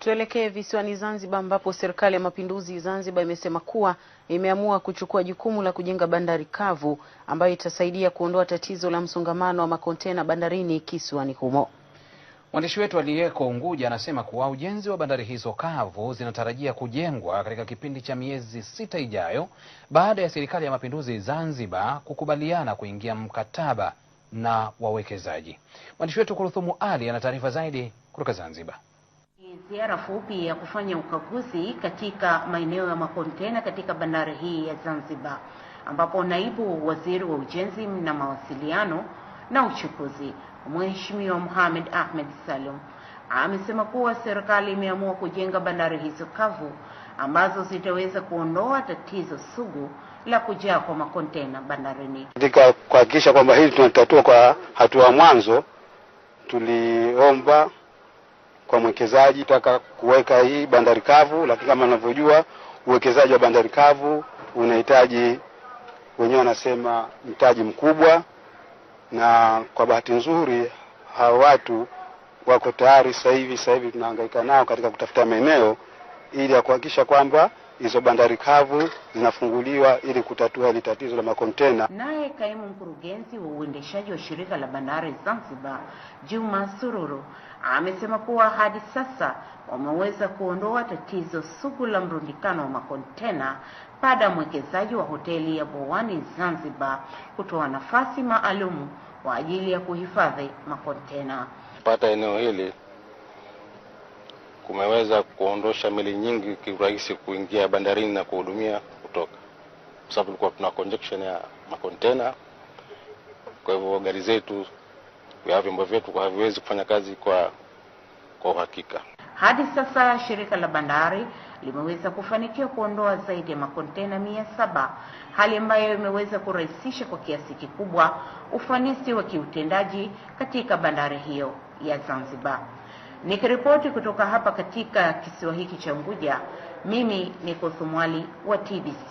Tuelekee visiwani Zanzibar ambapo serikali ya mapinduzi Zanzibar imesema kuwa imeamua kuchukua jukumu la kujenga bandari kavu ambayo itasaidia kuondoa tatizo la msongamano wa makontena bandarini kisiwani humo. Mwandishi wetu aliyeko Unguja anasema kuwa ujenzi wa bandari hizo kavu zinatarajia kujengwa katika kipindi cha miezi sita ijayo baada ya serikali ya mapinduzi Zanzibar kukubaliana kuingia mkataba na wawekezaji. Mwandishi wetu Kuruthumu Ali ana taarifa zaidi kutoka Zanzibar ziara fupi ya kufanya ukaguzi katika maeneo ya makontena katika bandari hii ya Zanzibar, ambapo naibu waziri wa ujenzi na mawasiliano na uchukuzi Mheshimiwa Mohamed Ahmed Salum amesema kuwa serikali imeamua kujenga bandari hizo kavu ambazo zitaweza kuondoa tatizo sugu la kujaa kwa makontena bandarini. Katika kuhakikisha kwamba hili tunatatua kwa hatua mwanzo, tuliomba kwa mwekezaji taka kuweka hii bandari kavu, lakini kama unavyojua uwekezaji wa bandari kavu unahitaji wenyewe wanasema mtaji mkubwa, na kwa bahati nzuri hawa watu wako tayari sasa hivi. Sasa hivi tunahangaika nao katika kutafuta maeneo ili ya kuhakikisha kwamba hizo bandari kavu zinafunguliwa ili kutatua hili tatizo la makontena. Naye kaimu mkurugenzi wa uendeshaji wa shirika la bandari Zanzibar, Juma Sururu, amesema kuwa hadi sasa wameweza kuondoa tatizo sugu la mrundikano wa makontena baada ya mwekezaji wa hoteli ya Bowani Zanzibar kutoa nafasi maalumu kwa ajili ya kuhifadhi makontena. Pata eneo hili kumeweza kuondosha meli nyingi kiurahisi kuingia bandarini na kuhudumia kutoka, kwa sababu tulikuwa tuna congestion ya makontena. Kwa hivyo gari zetu ya vyombo vyetu haviwezi kufanya kazi kwa kwa uhakika. Hadi sasa shirika la bandari limeweza kufanikiwa kuondoa zaidi ya makontena mia saba, hali ambayo imeweza kurahisisha kwa kiasi kikubwa ufanisi wa kiutendaji katika bandari hiyo ya Zanzibar. Nikiripoti kutoka hapa katika kisiwa hiki cha Unguja, mimi ni Kothumwali wa TBC.